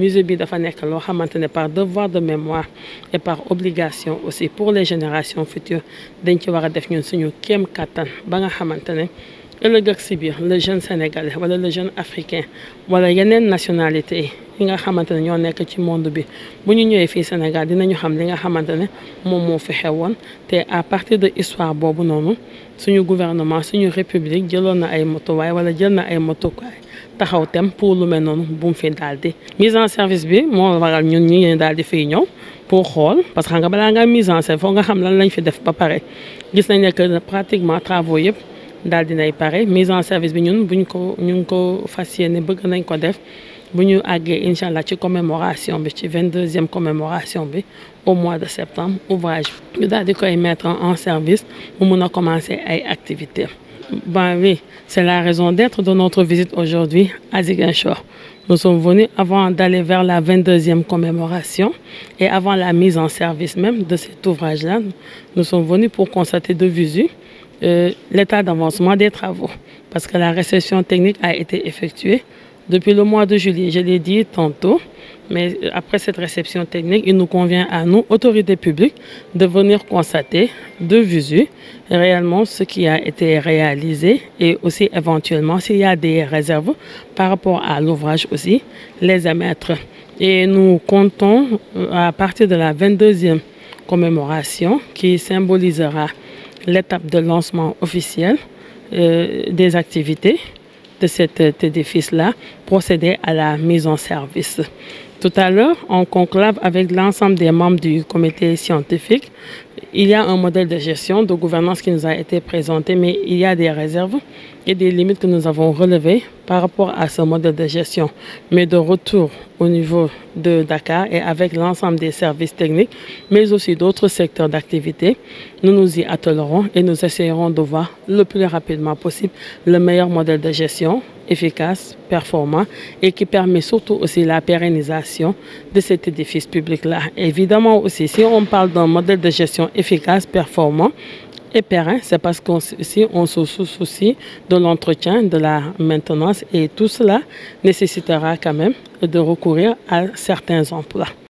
musée bi dafa nek lo par devoir de mémoire et par obligation aussi pour les générations futures dañ ci wara def ñun suñu kéem katan ba nga le ak le jeune sénégalais wala le jeune africain wala yeneen nationalité yi yi nga xamante y ñoo a ci monde bi bu ñu ñëwee fii Sénégal dinañu xam li nga mon mon moom moo fi à partir de histoire boobu noonu suñu gouvernement suñu république jëloon na ay motuwaay wala jël na ay motukaay taxaw tem pour lu mel noonu bu mu fi daal mise en service bi moi voilà, ñun nous y en di fiy pour xool parce que xam nga balaa nga mise en service foog nga xam lan lañ fi def ba pare gis nañ ne que pratiquement travaux dal pare mise en service bi ñun buñ ko ñu ko commémoration bi ci commémoration au mois de septembre ouvrage nous ñu koy mettre en service mu mëna a commencer ay activités. Ben oui, c'est la raison d'être de notre visite aujourd'hui à Ziguinchor. Nous sommes venus avant d'aller vers la 22e commémoration et avant la mise en service même de cet ouvrage-là. Nous sommes venus pour constater de visu euh, l'état d'avancement des travaux parce que la réception technique a été effectuée depuis le mois de juillet. Je l'ai dit tantôt, mais euh, après cette réception technique, il nous convient à nous, autorités publiques, de venir constater de visu réellement ce qui a été réalisé et aussi éventuellement s'il y a des réserves par rapport à l'ouvrage aussi, les émettre. Et nous comptons euh, à partir de la 22e commémoration qui symbolisera l'étape de lancement officiel euh, des activités de euh, cet édifice-là, procéder à la mise en service. Tout à l'heure, en conclave avec l'ensemble des membres du comité scientifique, il y a un modèle de gestion, de gouvernance qui nous a été présenté, mais il y a des réserves et des limites que nous avons relevées par rapport à ce modèle de gestion. Mais de retour au niveau de Dakar et avec l'ensemble des services techniques, mais aussi d'autres secteurs d'activité, nous nous y attelerons et nous essayerons de voir le plus rapidement possible le meilleur modèle de gestion efficace, performant et qui permet surtout aussi la pérennisation de cet édifice public-là. Évidemment aussi, si on parle d'un modèle de gestion efficace, performant, et périn, c'est parce qu'on on se soucie de l'entretien, de la maintenance et tout cela nécessitera quand même de recourir à certains emplois.